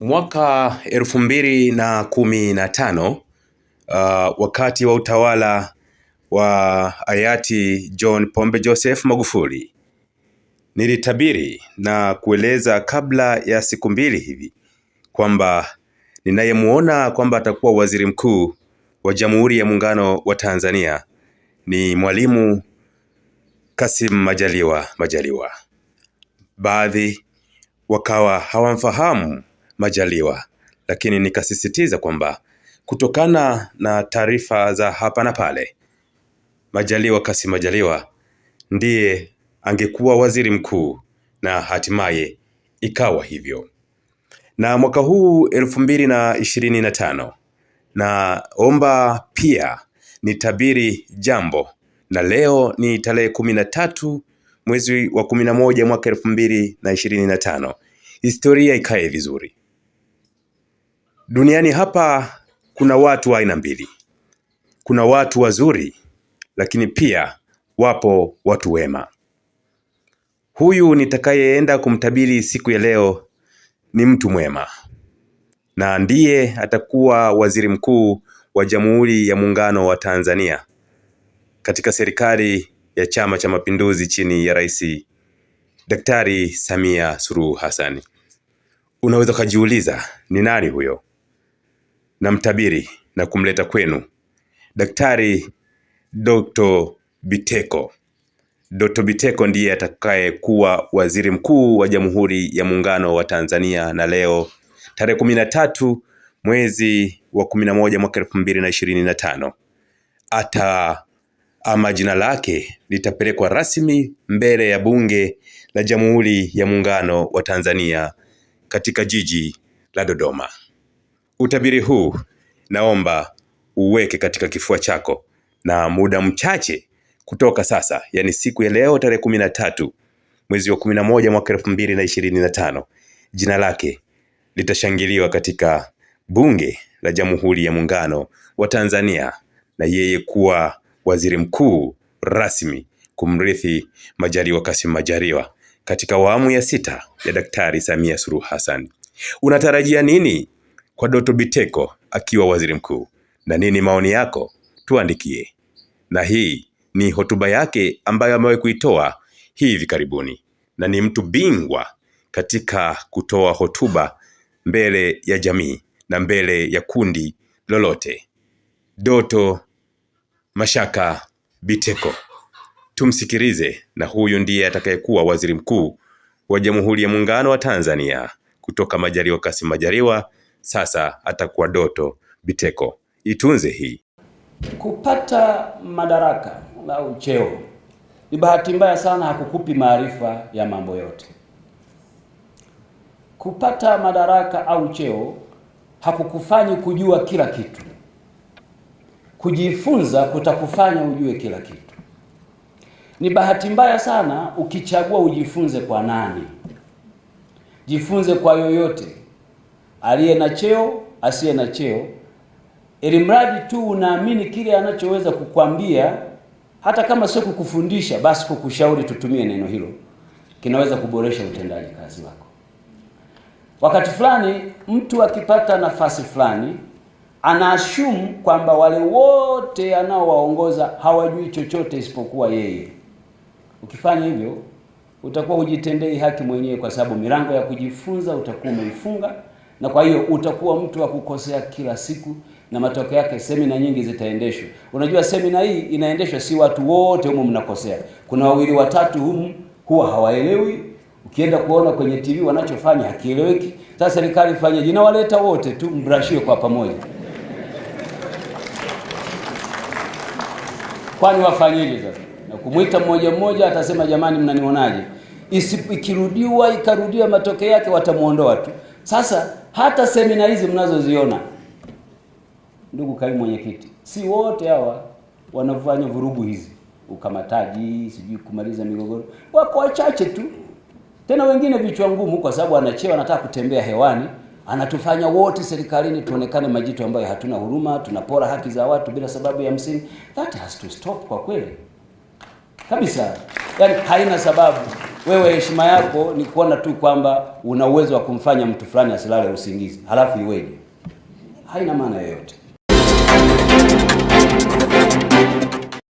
Mwaka elfu mbili na kumi na tano uh, wakati wa utawala wa hayati John Pombe Joseph Magufuli, nilitabiri na kueleza kabla ya siku mbili hivi kwamba ninayemuona kwamba atakuwa waziri mkuu wa Jamhuri ya Muungano wa Tanzania ni Mwalimu Kassim Majaliwa Majaliwa. Baadhi wakawa hawamfahamu Majaliwa, lakini nikasisitiza kwamba kutokana na taarifa za hapa na pale, Majaliwa Kassim Majaliwa ndiye angekuwa waziri mkuu na hatimaye ikawa hivyo. Na mwaka huu elfu mbili na ishirini na tano naomba pia nitabiri jambo, na leo ni tarehe kumi na tatu mwezi wa kumi na moja mwaka elfu mbili na ishirini na tano historia ikae vizuri. Duniani hapa kuna watu wa aina mbili, kuna watu wazuri, lakini pia wapo watu wema. Huyu nitakayeenda kumtabiri siku ya leo ni mtu mwema na ndiye atakuwa waziri mkuu wa Jamhuri ya Muungano wa Tanzania katika serikali ya Chama cha Mapinduzi chini ya Rais Daktari Samia Suluhu Hassan. Unaweza ukajiuliza ni nani huyo? na mtabiri na kumleta kwenu Daktari Dr. Biteko. Dr. Biteko ndiye atakayekuwa waziri mkuu wa Jamhuri ya Muungano wa Tanzania, na leo tarehe kumi na tatu mwezi wa kumi na moja mwaka elfu mbili na ishirini na tano ata ama jina lake litapelekwa rasmi mbele ya Bunge la Jamhuri ya Muungano wa Tanzania katika jiji la Dodoma. Utabiri huu naomba uweke katika kifua chako, na muda mchache kutoka sasa, yani siku ya leo tarehe kumi na tatu mwezi wa kumi na moja mwaka elfu mbili na ishirini na tano jina lake litashangiliwa katika bunge la Jamhuri ya Muungano wa Tanzania na yeye kuwa waziri mkuu rasmi kumrithi Majaliwa Kasim Majaliwa katika awamu ya sita ya Daktari Samia Suluhu Hassan. Unatarajia nini? kwa Doto Biteko akiwa waziri mkuu. Na nini maoni yako? Tuandikie. Na hii ni hotuba yake ambayo amewahi kuitoa hivi karibuni, na ni mtu bingwa katika kutoa hotuba mbele ya jamii na mbele ya kundi lolote. Doto Mashaka Biteko, tumsikilize, na huyu ndiye atakayekuwa waziri mkuu wa Jamhuri ya Muungano wa Tanzania kutoka Majaliwa Kasim Majaliwa sasa hata kwa Doto Biteko, itunze hii. Kupata madaraka au cheo ni bahati mbaya sana, hakukupi maarifa ya mambo yote. Kupata madaraka au cheo hakukufanyi kujua kila kitu. Kujifunza kutakufanya ujue kila kitu. Ni bahati mbaya sana ukichagua ujifunze kwa nani. Jifunze kwa yoyote aliye na cheo, asiye na cheo, ili mradi tu unaamini kile anachoweza kukwambia, hata kama sio kukufundisha, basi kukushauri. Tutumie neno hilo, kinaweza kuboresha utendaji kazi wako. Wakati fulani mtu akipata nafasi fulani anaashumu kwamba wale wote anaowaongoza hawajui chochote isipokuwa yeye. Ukifanya hivyo, utakuwa hujitendei haki mwenyewe, kwa sababu milango ya kujifunza utakuwa umeifunga na kwa hiyo utakuwa mtu wa kukosea kila siku, na matokeo yake semina nyingi zitaendeshwa. Unajua, semina hii inaendeshwa, si watu wote humu mnakosea. Kuna wawili watatu humu huwa hawaelewi. Ukienda kuona kwenye TV wanachofanya hakieleweki. Sasa serikali ifanye jina, waleta wote tu mbrashie kwa pamoja, kwani wafanyeje sasa? Na kumwita mmoja mmoja, atasema jamani, mnanionaje? ikirudiwa ikarudia matokeo yake watamuondoa tu. Sasa hata semina hizi mnazoziona, ndugu kaimu mwenyekiti, si wote hawa wanafanya vurugu hizi, ukamataji, sijui kumaliza migogoro. Wako wachache tu, tena wengine vichwa ngumu, kwa sababu anachewa, anataka kutembea hewani, anatufanya wote serikalini tuonekane majitu ambayo hatuna huruma, tunapora haki za watu bila sababu ya msingi. That has to stop, kwa kweli kabisa, yani haina sababu wewe heshima yako ni kuona tu kwamba una uwezo wa kumfanya mtu fulani asilale usingizi, halafu iweje? Haina maana yoyote.